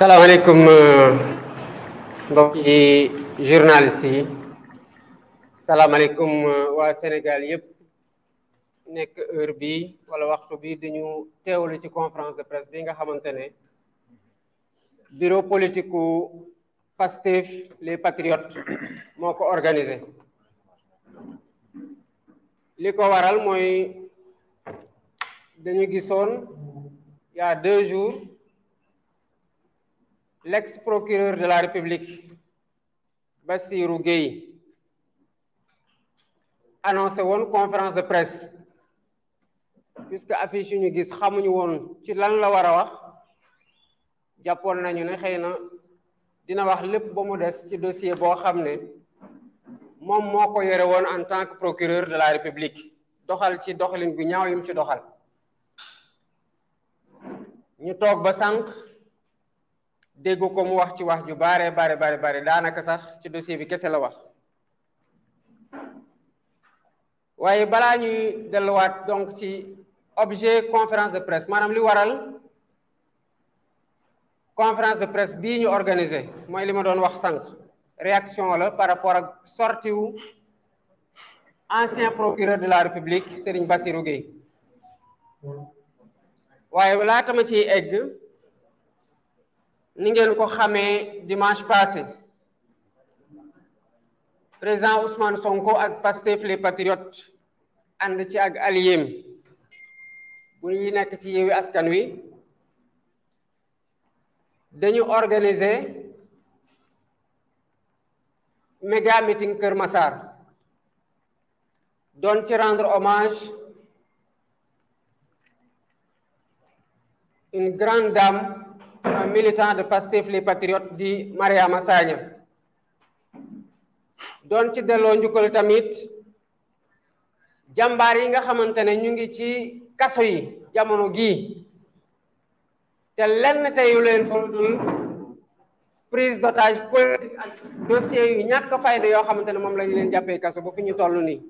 Donc, alaikum, euh, journaliste yi alaikum. Euh, waa Sénégal Nek heure bi wala waxtu bi dañu teewlu ci conférence de presse bi nga bureau politique u Pastef les patriotes m'ont organisé Liko waral moy dañu il y a deux jours l'ex-procureur de la République, Bassirou Gueye, annoncé woon conférence de presse puisque affiche yu ñu gis xamuñu woon ci lan la war a wax jàppoon nañu ne xëy na dina wax lépp ba mu des ci dossier boo xam ne moom moo ko yore woon en tant que procureur de la République doxal ci doxalin gu ñaaw yim ci doxal ñu toog ba sànq dégg ko mu wax ci wax bare bare bare bare sax ci dossier bi wax ñuy donc ci objet conférence de presse maanaam li waral conférence de presse bii ñu organisé mooy li ma doon wax réaction par rapport ak sortie ancien procureur de la République Serigne Bassirou Gueye waaye laata ma ciy egg ni ngeen ko xamee dimanche passé président Ousmane Sonko ak Pastef les patriotes ànd ci ak alliéem bu ñuy nekk ci Yewwi Askan Wi dañu organiser méga Kër Massar doon ci rendre hommage une grande dame un militant de Pastef les Patriotes di Mariama Sagna doon ci delloo njukkal tamit jàmbaar yi nga xamante ne ñu ngi ci kaso yi jamono gii te lenn teyu leen fa dul prise d'otage politique ak dossier yu ñàkk fayda yoo xamante ne moom lañu leen jàppee kaso ba fi ñu toll nii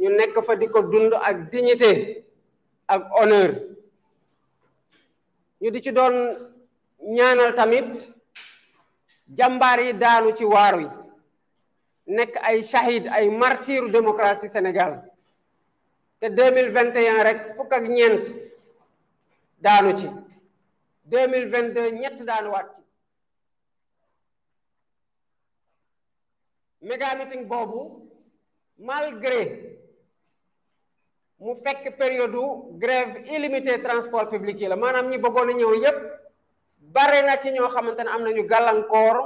ñu nekk fa di ko dund ak dignité ak honneur ñu di ci doon ñaanal tamit jàmbaar yi daanu ci waaru yi nekk ay shahid ay martiru démocratie Sénégal te 2021 rek fukk ak ñeent daanu ci 2022 ñett daanuwaat ci méga meeting boobu malgré mu fekk période grève illimitée transport public yi la maanaam ñi bëggoon a ñëw yépp bare na ci ñoo xamante ne am nañu gàllankoor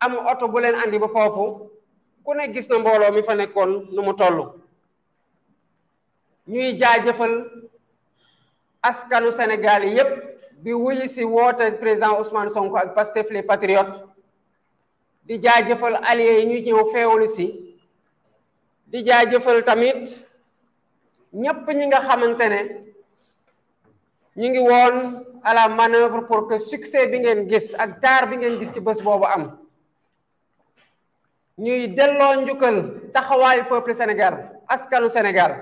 am oto bu leen andi ba foofu ku ne gis na mbooloo mi fa nekkoon nu mu toll ñuy jaajëfal askanu Sénégal yépp bi wuyu si woote président Ousmane Sonko ak Pastef les patriotes di jaajëfal alliés yi ñu ñëw feewlu si di jaajëfal tamit ñépp ñi nga xamante ne ñu ngi woon à la manœuvre pour que succès bi ngeen gis ak taar bi ngeen gis ci bés boobu am ñuy delloo njukkal taxawaayu peuple Sénégal askanu Sénégal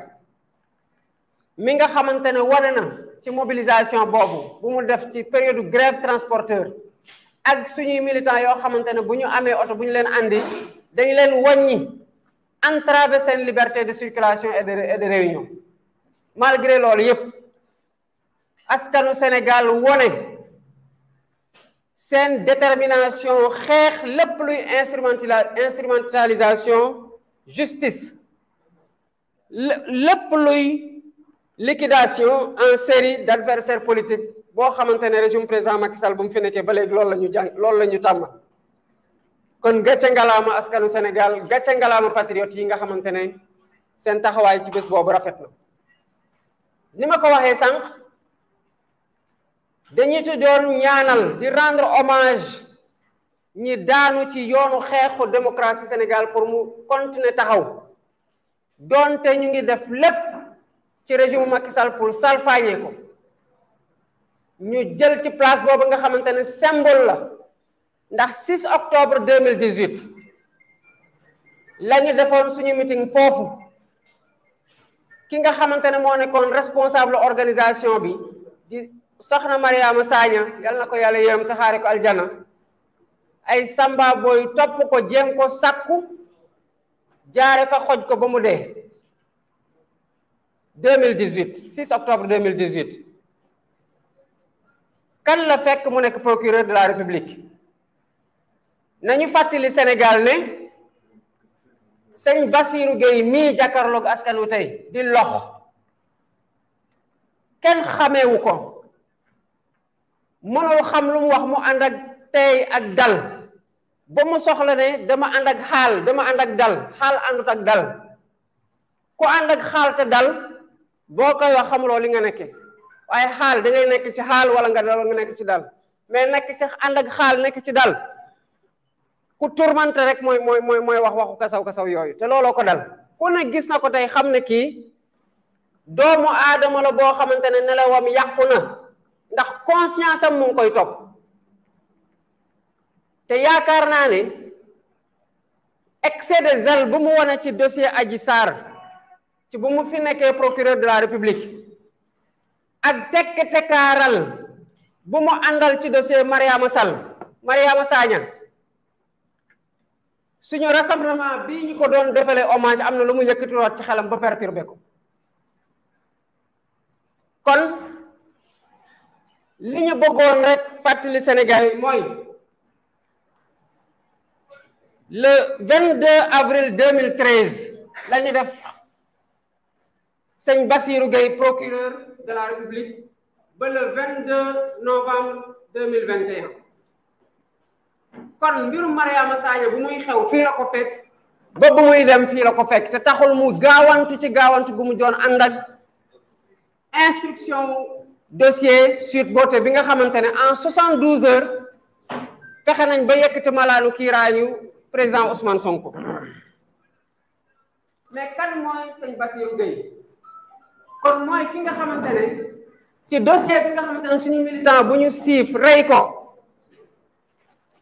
mi nga xamante ne wane na ci mobilisation boobu bu mu def ci période grève transporteur ak suñuy militants yoo xamante ne bu ñu amee oto bu ñu leen indi dañu leen wàññi entraver seen liberté de circulation et de et de réunion malgré loolu yëpp. askanu Sénégal woné sen détermination xeex lepp luy instrumentalisation justice lepp luy liquidation en série d'adversaires politiques bo xamantene régime président Macky Sall bu mu fi nekkee ba léegi loolu la ñu jàng loolu la kon gàcce ngalaama askanu senegal gàcce ngalaama patriote yi nga xamantene ne taxaway ci bés bobu rafet na ko waxé sànq dañu ci doon ñaanal di rendre hommage ñi daanu ci yoonu xeexu démocratie Sénégal pour mu continuer taxaw doonte ñu ngi def lépp ci régime Macky Sall pour salfaañee ko ñu jël ci place boobu nga xamante ne symbole la ndax 6 octobre 2018 la ñu defoon suñu meeting foofu ki nga xamante ne moo nekkoon responsable organisation bi di. soxna Mariama Sagna yal na ko yàlla yërëm taxaare ko aljana ay samba booy topp ko jéem ko sàkku jaare fa xoj ko ba mu dee 2018 6 octobre 2018 kan la fekk mu nekk procureur de la république nañu fàttali Sénégal ne sëñ Bassirou Gueye mii jàkkaarloog askan wu tey di lox kenn xàmmewu ko mënul xam lu mu wax mu ànd ak tey ak dal ba mu soxla ne dama ànd ak xaal dama ànd ak dal xaal àndut ak dal ku ànd ak xaal te dal boo koy wax xamuloo li nga nekke waaye xaal da nekk ci xaal wala nga dal nga nekk ci dal mais nekk ci ànd ak xaal nekk ci dal ku turmante rek mooy mooy mooy mooy wax waxu kasaw kasaw yooyu te looloo ko dal ku ne gis na ko tey xam ne kii doomu aadama la boo xamante ne nelawam yàqu na ndax conscience am mu ngi koy topp te yaakaar naa ne excès de zèle bu mu wane ci dossier Adji saar ci bu mu fi nekkee procureur de la république ak tekk-tekkaaral bu mu àndal ci dossier Mariama Sall Mariama Sagna suñu rassemblement bii ñu ko doon defalee hommage am na lu mu yëkkatiwaat ci xelam ba perturbé ko kon li ñu bëggoon rek fàttali Sénégal yi mooy le 22 avril 2013 la def sëñ Bassirou gay procureur de la République ba le 22 novembre 2021 kon mbirum Mariama Sagna bu muy xew fii la ko fekk ba bu muy dem fii la ko fekk te taxul mu gaawantu ci gaawantu gu mu joon ànd ak instruction dossier Sweet boté bi nga xamante en 72 heures fexe nañ ba malanu malaanu kiiraayu président Ousmane Sonko mais kan mooy sëñ Bassirou Gueye kon moy ki nga xamante ci dossier bi nga xamante ne suñu militant buñu sif ray ko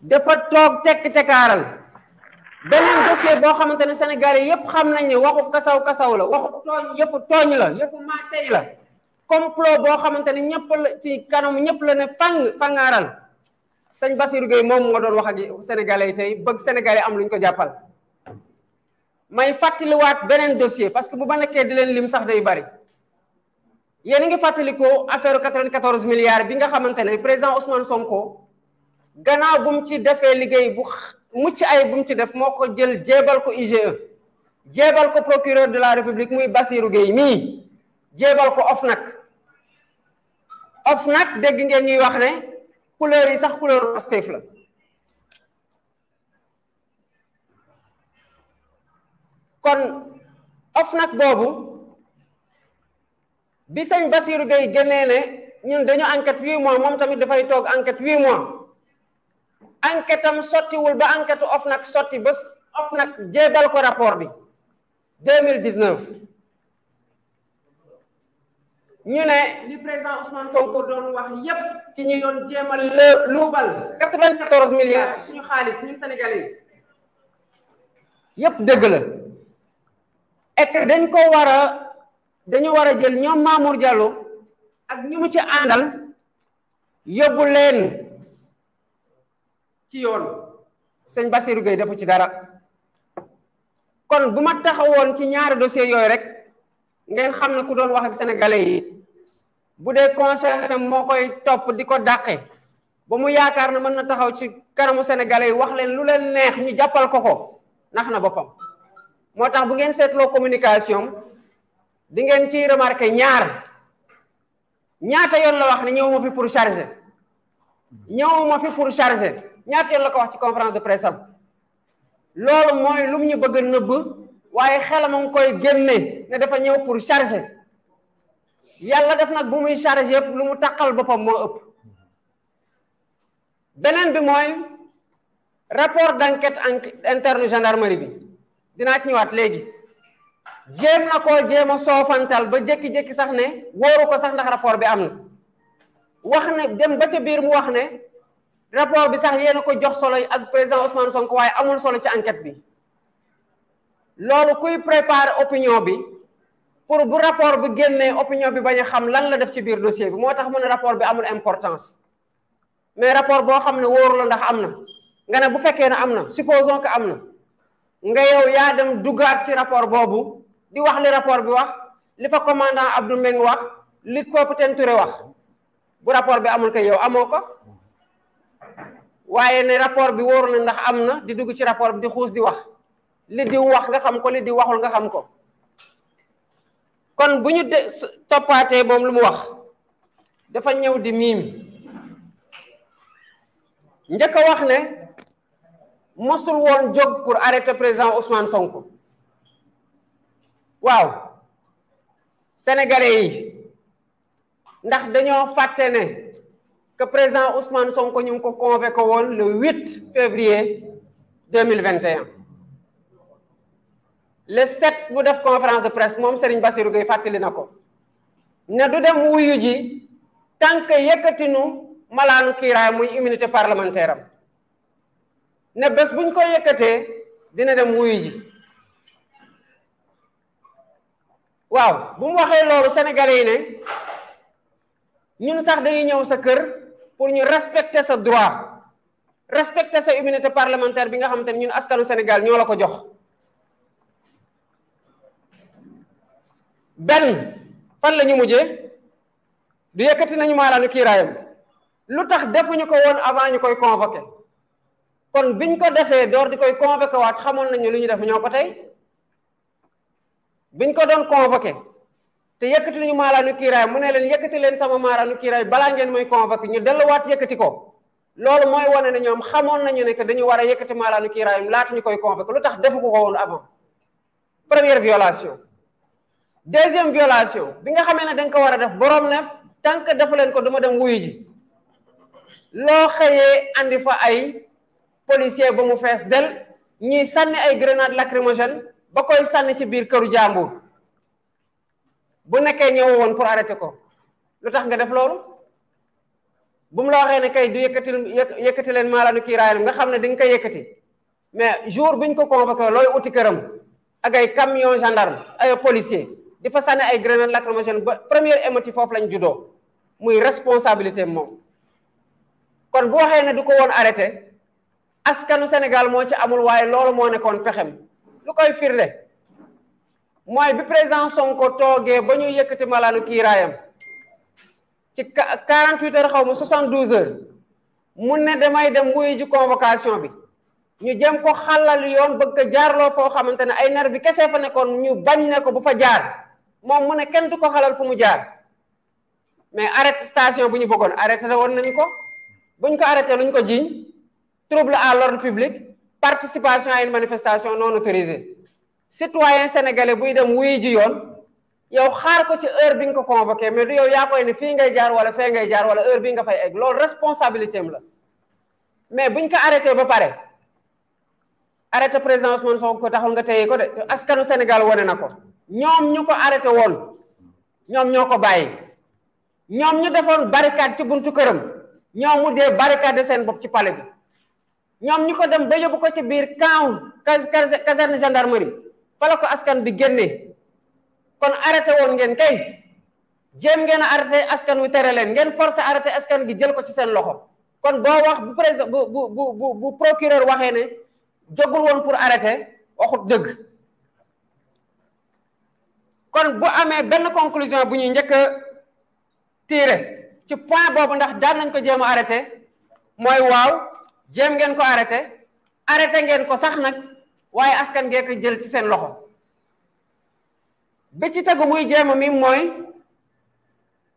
dafa tok tekk-tekkaaral beneen dossier bo xamante Sénégalais yépp xam nañ ni waxu kasaw kasaw la waxu tooñ yëfu tooñ la yëfu ma tay la Komplo bo xamanteni ñepp la ci kanam ñepp la ne fang fangaral sëñ Bassirou Gueye mom moo doon wax ak sénégalais tay bëgg sénégalais am luñ ko jappal may wat benen dossier parce que bu ba nekké di leen lim sax day bari yeen nga ngi fàttalikoo affaire 94 milliards bi nga xamanteni président Ousmane Sonko gannaaw bu mu ci défé liggéey bu mucc ay bu mu ci def moko ko jël djébal ko IGE djébal ko procureur de la république muy Bassirou Gueye mi jéebal ko nag OFNAC nag dégg ngeen ñuy wax ne couleur yi sax couleur Pastef la kon OFNAC boobu bi sañ Bassirou Gueye génnee ne ñun dañu enquête huit mois moom tamit dafay toog enquête huit mois enquête am sottiwul ba enquête nag sotti ba OFNAC jéebal ko rapport bi deux mille dix-neuf ñu ne li président Ousmane Sonko doon wax yépp ci ñi doon jéemal l luubal quatre-vingt-quatorze suñu xaalis ñun Sénégalais yi yépp dañ ko war a dañu war a jël ñoom Mamour Diallo ak ñu mu ci àndal yóbbu leen ci yoon sëñ Bassirou Gueye defu ci dara kon bu ma taxawoon ci ñaari dossier yooyu rek ngeen xam ne ku doon wax ak sénégalais yi bu dee conscience am moo koy topp di ko dàqee ba mu yaakaar ne mën na taxaw ci kanamu sénégalais yi wax leen lu leen neex ñu jàppal ko ko nax na boppam moo tax bu ngeen seetloo communication di ngeen ciy remarqué ñaar ñaata yoon la wax ne ñëwuma fi pour charger ñëwuma fi pour charger ñaata yoon la ko wax ci conférence de presse am loolu mooy lu mu ñu bëgg nëbb waaye xelam a ngi koy génne ne dafa ñëw pour charger yàlla def nag bu muy chargé yëpp lu mu taqal boppam moo ëpp beneen bi mooy rapport d'enquête interne gendarmerie bi dinaa ci ñëwaat léegi jéem na koo jéem a soofantal ba jékki-jékki sax ne wóoru ko sax ndax rapport bi am na wax ne dem ba ca biir mu wax ne rapport bi sax yéena ko jox solo ak président Ousmane Sonko waaye amul solo ci enquête bi loolu kuy préparer opinion bi pour bu rapport bi génné opinion bi baña xam lan la def ci biir dossier bi motax mo rapport bi amul importance mais rapport bo xamné ne la ndax amna nga ne bu fekkee na amna na supposons que amna nga yow ya dem dugat ci rapport bobu di wax li rapport bi wax li fa commandant Abdou meng wax li capitaine Touré wax bu rapport bi amul kay yow amoko ko ne rapport bi wóoru la ndax amna di dugg ci rapport bi di xuus di wax li di wax nga xam ko li di waxul nga xam ko kon bu ñu de toppaatee moom lu mu wax dafa ñëw di miim njëkk a wax ne mosul woon jóg pour arrêter président Ousmane Sonko waaw sénégalais yi ndax dañoo fàtte ne que président Ousmane Sonko ñu ngi ko convoqué woon le 8 février 2021 le 7 bu def conférence de presse mom Serigne Bassirou gay fatali nako ne du dem wuyu ji tank yekati nu malanu kiiraay muy immunité parlementaire ne bes buñ ko yekate dina dem wuyu ji waaw bu mu waxe lolu sénégalais yi ne ñun sax dañuy ñew sa kër pour ñu respecter sa droit respecter sa immunité parlementaire bi nga xam ñun askanu Sénégal ñoo la ko jox benn fan la ñu mujjee du yëkkati nañu maalaanu kiiraayam lu tax defuñu ko woon avant ñu koy convoqué kon bi ñu ko defee door di koy convoqué waat xamoon nañu lu ñu def ñoo ko tey bi ñu ko doon convoqué te yëkkati nañu maalaanu kiiraayam mu ne leen yëkkati leen sama maalaanu kiiraay balaa ngeen mooy convoqué ñu delluwaat yëkkati ko loolu mooy wane ne ñoom xamoon nañu ne que dañu war a yëkkati maalaanu kiiraayam laata ñu koy convoqué lu tax defu ko woon avant première violation deuxième violation bi nga xamee ne da ko war a def borom ne tant que defu leen ko duma dem wuyu ji loo xëyee andi fa ay policier ba mu fees del ñuy sànni ay grenade lacrymogène ba koy sànni ci biir këru jàmbur bu nekkee ñëw woon pour arrêter ko lu tax nga def loolu bu mu la waxee ne kay du yëkkati yëkkati leen maalaanu kiiraayam nga xam ne di nga koy yëkkati mais jour bi ñu ko convoqué looy uti këram ak ay camion gendarme ay policier di fa sànni ay grenade lacrymogène ba premier émoti yi lañ judo muy responsabilité mo kon boo waxé né du won arrêté askanu Sénégal mo ci amul lolu mo né kon pexem lu koy firlé moy bi président Sonko togué bañu yëkëti malanu ki rayam ci 48 heures xawmu 72 heures mun né damay dem wuyu ji convocation bi ñu jëm ko xalal yoon bëgg jaar lo fo xamantene ay nerf bi kese fa kon ñu bañ ne ko bu fa jaar moom mu ne kenn du ko xalal fu mu jaar mais arrêté station bu ñu bëggoon arrêté la woon nañu ko buñ ko arrêté luñ ko jiiñ trouble à l'ordre publique participation à une manifestation non autorisée citoyen sénégalais buy dem wuy ji yoon yow xaar ko ci heure bi nga ko convoqué mais du yow yaa koy ne fii ngay jaar wala fee ngay jaar wala heure bi nga fay egg loolu responsabilité am la mais buñ ko arrêté ba pare arrêté président Ousmane Sonko ko taxul nga téye ko de askanu Sénégal wane na ko ñoom ñu ko arrêté woon ñoom ñoo ko bàyyi ñoom ñu defoon barricade ci buntu këram ñoom mu dee barricade seen bopp ci palais bi ñoom ñu ko dem ba yóbbu ko ci biir kaaw camp caserne gendarmerie fa fala ko askan bi génnee kon arrêté woon ngeen kay jéem ngeen a askan wi tere leen ngeen forcé arrêté askan gi jël ko ci seen loxo kon boo wax bu président bu bu bu bu procureur waxee ne jógul woon pour arrêté waxut dëgg kon bu amee benn conclusion bu ñuy njëkk a tiré ci point boobu ndax daan nañ ko jéem a arrêté mooy waaw jéem ngeen ko arrêté arrêté ngeen ko sax nag waaye askan ngee ko jël ci seen loxo bi ci tegu muy jéem mi mooy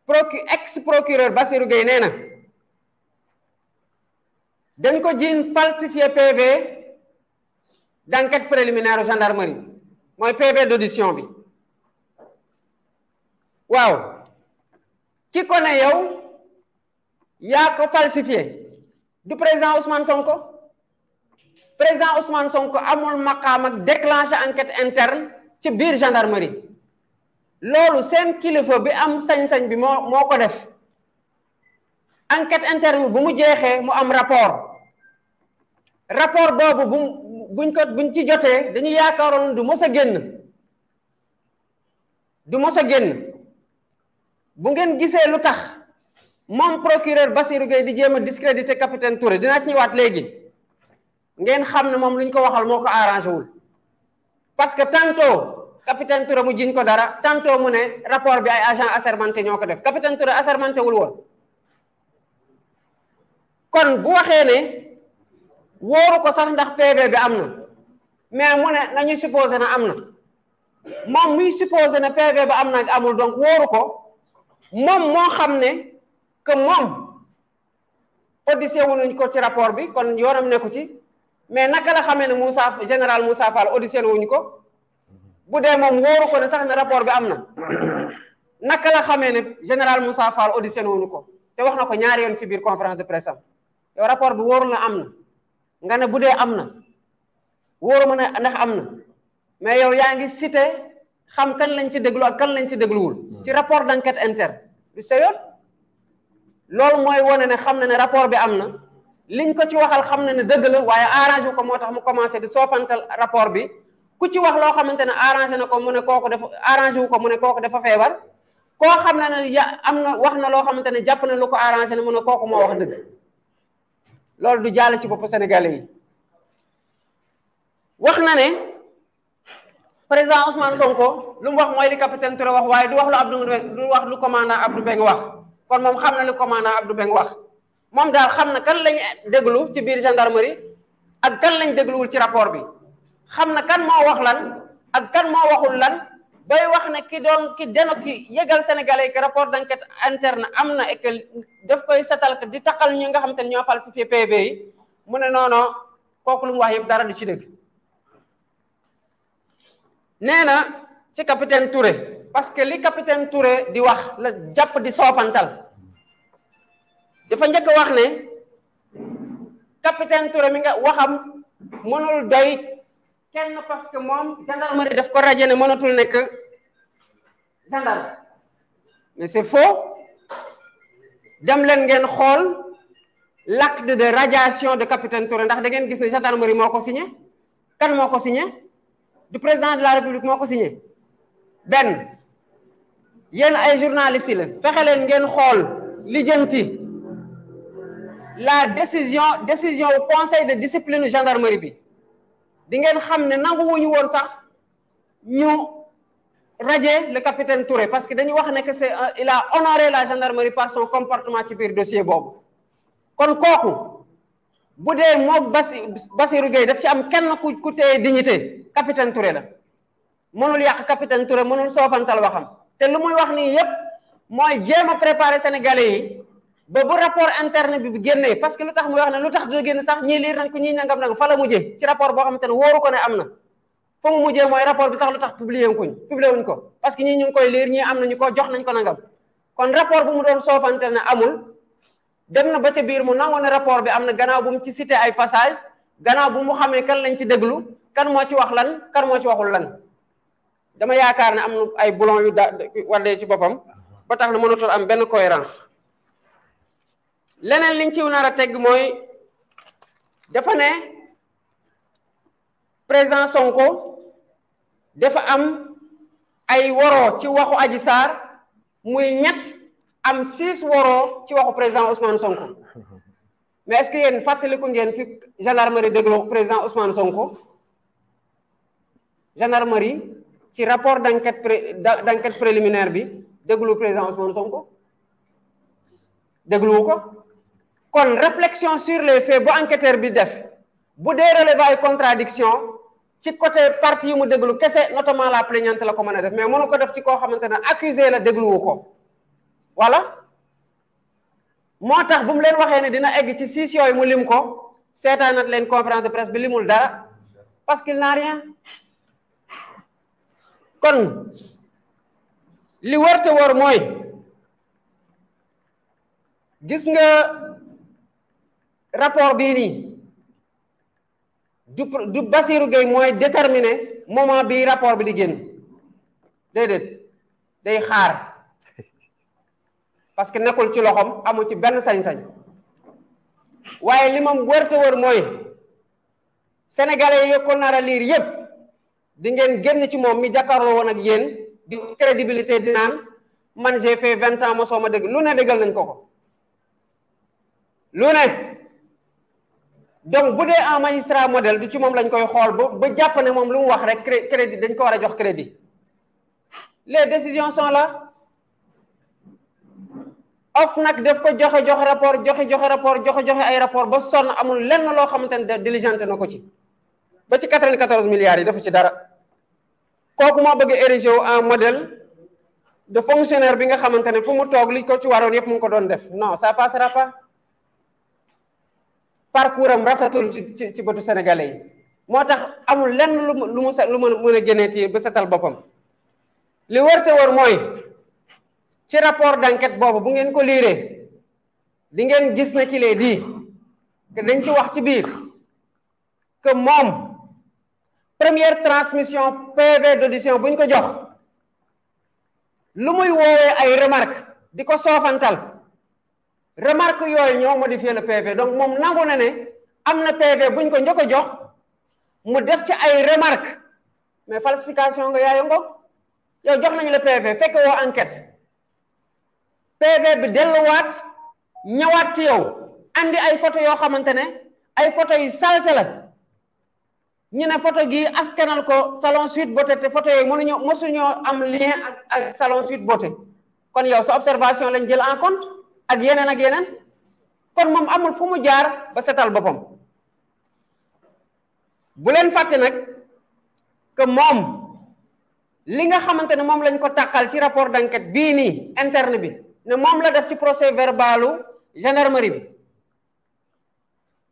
procu ex procureur Bassirou Gueye nee na dañ ko jiin falsifier PV d'enquête préliminaire gendarmerie mooy PV d'audition bi waaw ki ko ne yow yaa ko falsifié du président Ousmane Sonko président Ousmane Sonko amul maqaam ak déclenché enquête interne ci biir gendarmerie loolu seen kilifa bi am sañ-sañ bi moo moo ko def enquête interne bi bu mu jeexee mu am rapport rapport boobu bu buñ ko buñ ci jotee dañu yaakaaroon du mos a génn du mos a génn bu ngeen gisee lu tax moom procureur Bassirou Gueye di jéem a discréditer capitaine Touré dinaa ci ñëwaat léegi ngeen xam ne moom lu ko waxal moo ko arrangé wul parce que tantôt capitaine Touré mu jiñ ko dara tantôt mu ne rapport bi ay agent assermenté ñoo ko def capitaine Touré assermenté wul woon kon bu waxee ne wóoru ko sax ndax PV bi am na mais mu ne nañu supposé na am na moom muy supposé ne PV ba am na ak amul donc wóoru ko mom mo xamne ke mom moom audité ko ci rapport bi kon ne ko ci mais naka la xamee Moussa général Moussa Fall audité wuñu ko bu dee moom wóoru ko ne sax ne rapport bi amna naka la xamee général Moussa Fall audité wuñu ko te wax na ko ñaari yoon ci biir conférence de presse am yow rapport bi woru na amna nga ne bu dee am na ndax amna mais yow yaangi cité xam kan lañ ci déglu ak kan lañ ci dégluwul ci rapport d' enquête interne lu sa yoon loolu mooy wane ne xam na ne rapport bi am na liñ ko ci waxal xam na ne dëgg la waaye arrangé ko moo tax mu commencé di soofantal rapport bi ku ci wax loo xamante ne arrangé na ko mu ne kooku dafa arrangé wu ko mu ne kooku dafa feebar koo xam na ne ya am na wax na loo xamante ne jàpp na lu ko arrangé na mu ne kooku moo wax dëgg loolu du jàll ci bopp Sénégalais yi wax na ne président Ousmane Sonko lu mu wax mooy li capitaine Touré wax waaye du wax lu Abdou du wax lu commandant Abdou Mbengue wax kon moom xam na lu commandant Abdou Mbengue wax moom daal xam na kan lañ déglu ci biir gendarmerie ak kan lañ dégluwul ci rapport bi xam na kan moo wax lan ak kan moo waxul lan bay wax ne ki doon ki deno ki yëgal sénégalais que rapport d'enquête interne am na et def daf koy setal di taqal ñu nga xam te ne ñoo falsifié PV yi mu ne noo non kooku lu mu wax dara du ci dëgg. Nena, ci capitaine Touré parce que li capitaine Touré di wax la japp di sofantal dafa ñëk wax né capitaine Touré mi nga waxam mënul doy kenn parce que mom gendarmerie daf ko rajé né mënatul nek gendarme mais c'est faux dem len ngeen xol l'acte de radiation de capitaine Touré ndax da ngeen gis né gendarmerie moko signé kan moko signé du président de la république moko signé Ben, ay journalistes la la décision décision conseil de discipline gendarmerie bi di ngeen nous nous nangu wuñu ça, sax ñu radier le capitaine Touré parce que que euh, il a honoré la gendarmerie par son comportement ci le dossier kon budé mo moog basi Basirou daf ci am kenn ku ku téy dignité capitaine Touré la mënul yak capitaine Touré mënul sofantal waxam té lu muy wax ni yépp moy jéma préparer sénégalais yi ba bu rapport interne bi génné parce que lu muy wax né lutax do du génn sax ñi lire nañ ko ñi nangam nag fa la mujjé ci rapport bo xamanté woru ko né amna fa mu mujjé moy rapport bi sax lu publier wuñ publier wuñ ko parce que ñi ñu ngi koy lire ñi amna ñu ko jox nañ ko nangam kon rapport bu mu doon sofantal na amul dem na ba ca biir mu nangu ne rapport bi am na gannaaw bu mu ci cité ay passage gannaaw bu mu xamee kan lañ ci déglu kan moo ci wax lan kan moo ci waxul lan dama yaakaar ne am na ay boulon yu da wàllee ci boppam ba tax na mënatul am benn cohérence leneen liñ ciw nar a teg mooy dafa ne président Sonko dafa am ay waroo ci waxu aji Sarr muy ñett am six woro ci waxu président Ousmane Sonko mais est-ce que yéen fàttaliku ngeen fi gendarmerie dégloo président Ousmane Sonko gendarmerie ci rapport d'enquête d'enquête préliminaire bi déglu président Ousmane Sonko dégluwu ko kon réflexion sur les faits bu enquêteur bi def bu dee relevé contradiction ci côté partie yu mu Qu'est-ce notamment la plaignante la ko mën def mais mënu ko def ci ko xamante accusé la dégluwu ko wala moo tax bu mu leen waxee ne dina egg ci six yooyu mu lim ko seetaanat leen conférence de presse bi limul dara parce qu'il n'a rien kon li wër wër mooy gis nga rapport bii nii du du basiiru Gueye mooy déterminer moment bii rapport bi di génn déedéet day xaar parce que nekkul ci loxoom amu ci benn sañ-sañ waaye li moom wër te wër mooy sénégalais yi ko nar a liir yépp di ngeen génn ci moom mi jàkkaarloo woon ak yéen di crédibilité di naan man j'ai fait vingt ans mosoo ma dégg lu ne déggal nañ ko ko lu ne donc bu dee en magistrat model du ci moom lañ koy xool ba ba jàpp ne moom lu mu wax rek crédit dañ ko war a jox crédit les décisions sont là nag def ko joxe joxe rapport joxe joxe rapport joxe joxe ay rapport ba sonn amul lenn loo xamante ne diligenté na ko ci ba ci 94 milliards yi dafa ci dara kooku moo bëgg érigé wu un model de fonctionnaire bi nga xamante ne fu mu toog li ko ci waroon yëpp mu ngi ko doon def non ça passera pas parcours am rafetul ci ci ci bëtu sénégalais yi moo tax amul lenn lu mu lu mu set lu mu mën a génnee ci ba setal boppam li wërte wër mooy. ci rapport d'enquête bobu bu ngeen ko liiree di ngeen gis na ki lee di que dañ ci wax ci biir que mom première transmission PV d'audition buñ ko jox lu muy wowe ay remarque di sofantal remarque yoy ñoo modifier le PV donc mom nangu na ne amna PV buñ ko ñoko jox mu def ci ay remarque mais falsification nga yaay ngoog yow jox nañ le PV fekk wo enquête PV bi delluwaat ñëwaat ci yow andi ay photo yoo xamante ne ay photo yu salte la ñu ne photo gi askanal ko salon Sweet Beauté te photo yooyu mënuñoo mësuñoo am lien ak ak salon Sweet Beauté kon yow sa observation lañ jël en compte ak yeneen ak yeneen kon moom amul fu mu jaar ba setal boppam bu leen fàtte nag que moom li nga xamante ne moom lañ ko tàqal ci rapport d'enquête bii nii interne bi ne moom la def ci procès verbalu gendarmerie bi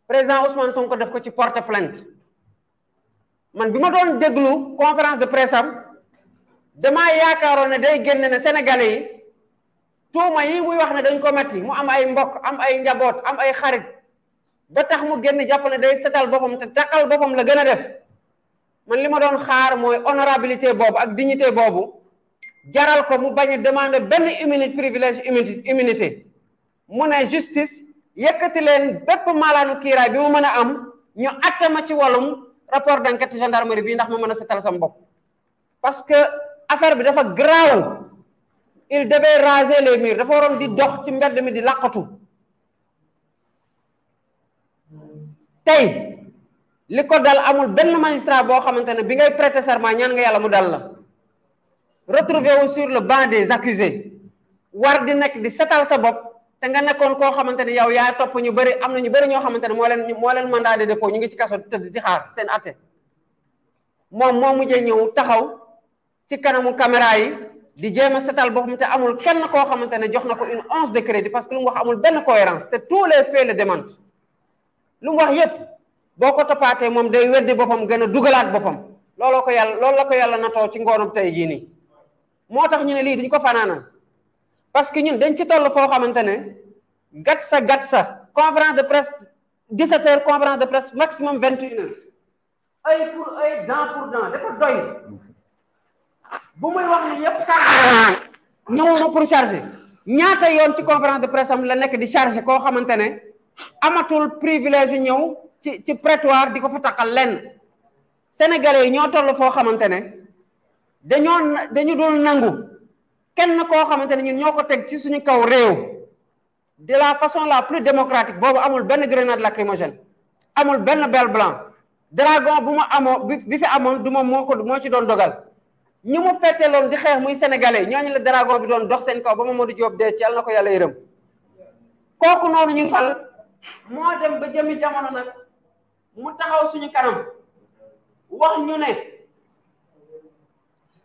président Ousmane ko def ko ci porte plainte man bi ma doon déglu conférence de presse am damaa yaakaaroon ne day génn ne sénégalais yi tuuma yi muy wax ne dañ ko metti mu am ay mbokk am ay njaboot am ay xarit ba tax mu génn jàpp ne day setal boppam te taqal boppam la gën a def man li ma doon xaar mooy honorabilité boobu ak dignité boobu jaral ko mu baña demander privilege immunité privilège immunité mu justice yëkkati len bépp malanu kira bi mu am ñu atama ma ci walum rapport d'enquête gendarmerie bi ndax ma mën a setal sam bopp parce que affaire bi dafa grave il devait raser les murs dafa waron di dox ci mbedd mi di laqatu tay liko dal amul ben magistrat bo xamantene bingai bi ngay prêter serment ñaan nga yalla mu dal la retrouvé wu sur le banc des accusés war di nekk di setal sa bopp te nga nekkoon koo xamante ne yow yaa topp ñu bari am na ñu bëri ñoo xamante ne moo leen moo leen mandat de dépôt ñu ngi ci kaso tëdd di xaar seen atte moom moo mujjee ñëw taxaw ci kanamu caméra yi di jéem a setal boppam te amul kenn koo xamante ne jox na ko une once de crédit parce que lu mu wax amul benn cohérence te tous les faits le lu mu wax yépp boo ko toppaatee moom day weddi boppam gën a dugalaat boppam looloo ko loolu la ko yàlla natoo ci ngoonam tey jii nii moo tax ñu ne lii dañ ko fanaanal parce que ñun dañ ci toll foo xamante ne gat sa gat sa conférence de presse 17 heures conférence de presse maximum 21 heures ay pour ay dent pour dent dafa doy bu muy wax ni yëpp chargé ñëw na pour chargé ñaata yoon ci conférence de presse am la nekk di chargé koo xamante ne amatul privilège ñëw ci ci prétoire di ko fa taqal lenn sénégalais yi ñoo toll foo xamante ne dañoo dañu dul nangu kenn koo xamante ne ñun ñoo ko teg ci suñu kaw réew de la façon la plus démocratique boobu amul benn grenade lacrymogène amul benn bel blanc dragon bu ma amoo bi fi amoon du ma moo ko moo ci doon dogal ñu mu fette loon di xeex muy sénégalais ñu la dragon bi doon dox seen kaw ba Mamadou Diop dee ci yàlla na ko yàlla yërëm kooku noonu ñu fal moo dem ba jëmi jamono nag mu taxaw suñu kanam wax ñu ne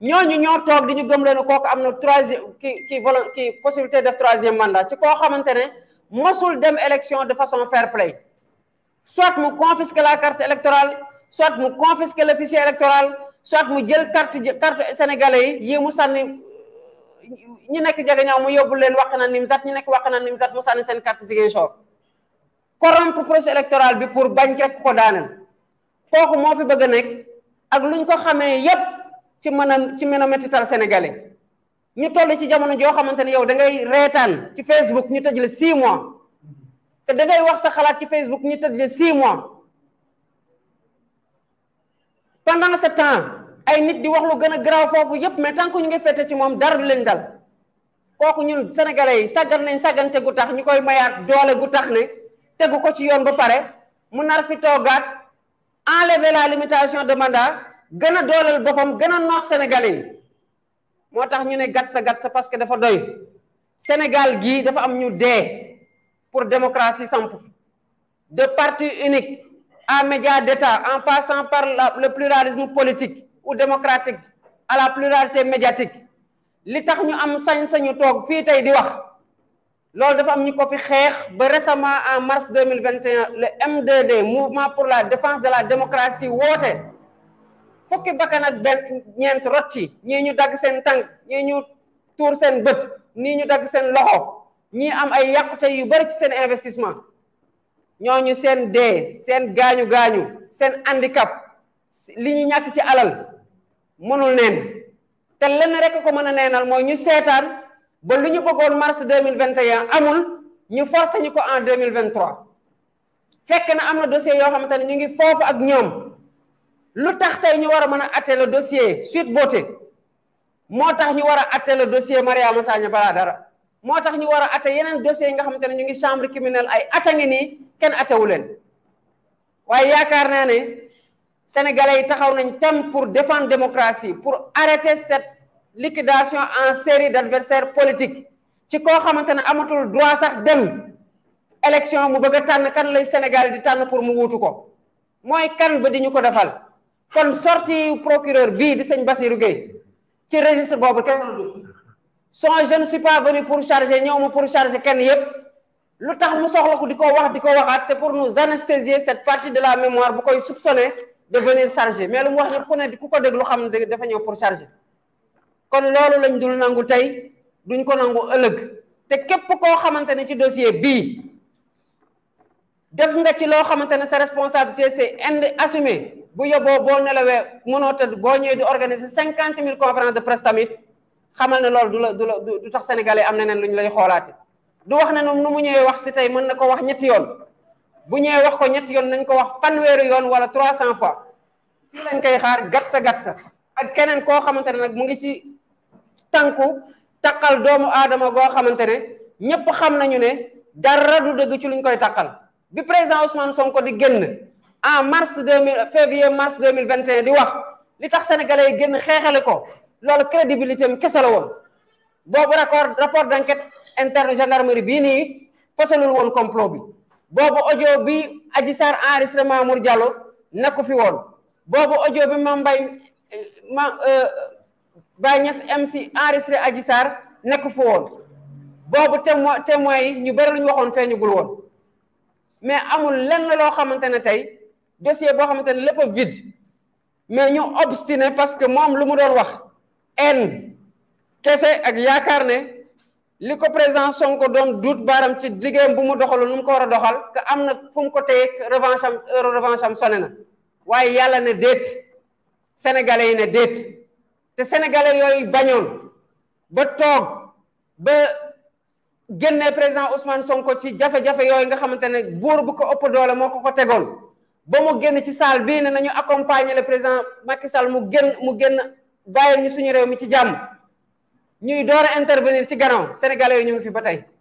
ñooñu ñoo toog di ñu gëm leen kooku am na troisième ki ki volo ki possibilité def troisième mandat ci koo xamante ne mosul dem élection de façon fair play soit mu confisque la carte électorale soit mu confisque le fichier électoral soit mu jël carte carte sénégalais yi yi mu sànni ñu nekk jegeñaaw mu yóbbu leen wax na nim zat ñu nekk wax na nim zat mu sànni seen carte Ziguinchor corrompre processus électoral bi pour bañ rek ko daaneel kooku moo fi bëgg a nekk ak luñ ko xamee yépp ci mën a ci mën a métital sénégalais ñu toll ci jamono joo xamante ne yow da ngay reetaan ci Facebook ñu tëj la 6 mois te da ngay wax sa xalaat ci Facebook ñu tëj la 6 mois pendant ce temps ay nit di wax lu gën a garaaw foofu yépp mais ñu ngi fete ci moom dara du leen dal kooku ñu sénégalais yi sàggan nañ sàggante gu tax ñu koy mayaat doole gu tax ne tegu ko ci yoon ba pare mu nar fi toogaat enlever la limitation de mandat. y a bopam gëna gën noox sénégalais yi moo tax ñu ne gat sa gat sa parce que dafa doy sénégal gii dafa am ñu dee pour démocratie samp de parti unique à média d'état en passant par le pluralisme politique ou démocratique à la pluralité médiatique li tax ñu am sañ-sañu toog fii tey di wax loolu dafa am ñu ko fi xeex ba récemment en mars 2021 le MDD, mouvement pour la défense de la démocratie woote fukki bakkan ak ben ñent rocci ñi ñu dag sen tank ñi ñu tour sen beut nii ñu dag sen loxo ñi am ay yakuta yu bari ci sen investissement ñoñu sen dé sen gañu gañu sen handicap li ñi ñak ci alal mënul neen té lén rek ko mëna a neenal ñu seetaan ba lu ñu bëggoon mars 2021 amul ñu forcé ñuko en 2023 fekk na amna dossier yo xamante ñu ngi fofu ak ñom lu tax tey ñu war a mën a atte le dossier Sweet Beauté moo tax ñu war a atte le dossier Mariama Sagna balaa dara moo tax ñu war a atte yeneen dossiers yi nga xamante ne ñu ngi chambre criminelle ay atta ngi nii kenn attewu leen waaye yaakaar naa ne sénégalais yi taxaw nañ tem pour défendre démocratie pour arrêter cette liquidation en série d'adversaires politiques ci koo xamante ne amatul droit sax dem élection mu bëgg a tànn kan lay Sénégal di tànn pour mu wuutu ko mooy kan ba di ñu ko defal kon sorti procureur bii di sëñ Bassirou Gueye ci registre boobu kenn son je ne suis pas venu pour charger ñëw ma pour charger kenn yépp lu tax mu soxla ko di ko wax di ko waxaat c'est pour nous anesthésier cette partie de la mémoire bu koy soupçonner de venir charger mais lu mu wax ñëpp ku ne ku ko déglu xam ne dafa ñëw pour charger kon loolu lañ dul nangu tey duñ ko nangu ëllëg te képp koo xamante ne ci dossier bii def nga ci loo xamante ne sa responsabilité c'est ind assumé bu yóbboo boo nelawee mënoo tëdd boo ñëwee di organiser cinquante mille conférence de presse tamit xamal ne loolu du la du la du tax sénégalais am neneen lu ñu lay xoolaate du wax ne nu mu ñëwee wax si tey mën na ko wax ñetti yoon bu ñëwee wax ko ñetti yoon nañ ko wax fanweeri yoon wala trois fois su lañ koy xaar gat sa gat sa ak keneen koo xamante ne mu ngi ci tànku taqal doomu aadama ne xam nañu ne dara du dëgg ci luñ koy takal bi président Ousmane Sonko di genn en mars deux mille février mars deux mille vingt et un di wax li tax sénégalais yi génn xeexale ko loolu crédibilité am kese la woon boobu rapport rapport d' enquête interne gendarmerie bii nii fasalul woon complot bi boobu audio bi Adji Sarr enregistré Mamour Diallo nekku fi woon boobu audio bi ma mbay euh, ma Baye Niass MC enregistré Adji Sarr nekku fi woon boobu témoin témoin yi ñu bëri lu ñu waxoon feeñugul woon mais amul lenn loo xamante ne tey dossier boo xamante ne lépp a vide mais ñu obstiné parce que moom lu mu doon wax en kese ak yaakaar ne li ko président Sonko doon duut baaram ci liggéeyam bu mu doxalu nu mu ko war a doxal que am na fu mu ko téye revanche am heure am sone na waaye yàlla ne déet sénégalais yi ne déet te sénégalais yooyu bañoon ba toog ba génnee président Ousmane Sonko ci jafe-jafe yooyu nga xamante ne buur bu ko ëpp doole moo ko ko tegoon ba mu génn ci salle bii ne nañu accompagner le président Macky Sall mu génn mu génn bàyyil ñu suñu réew mi ci jàmm ñuy door a intervenir ci garaw sénégalais yi ñu ngi fi ba tey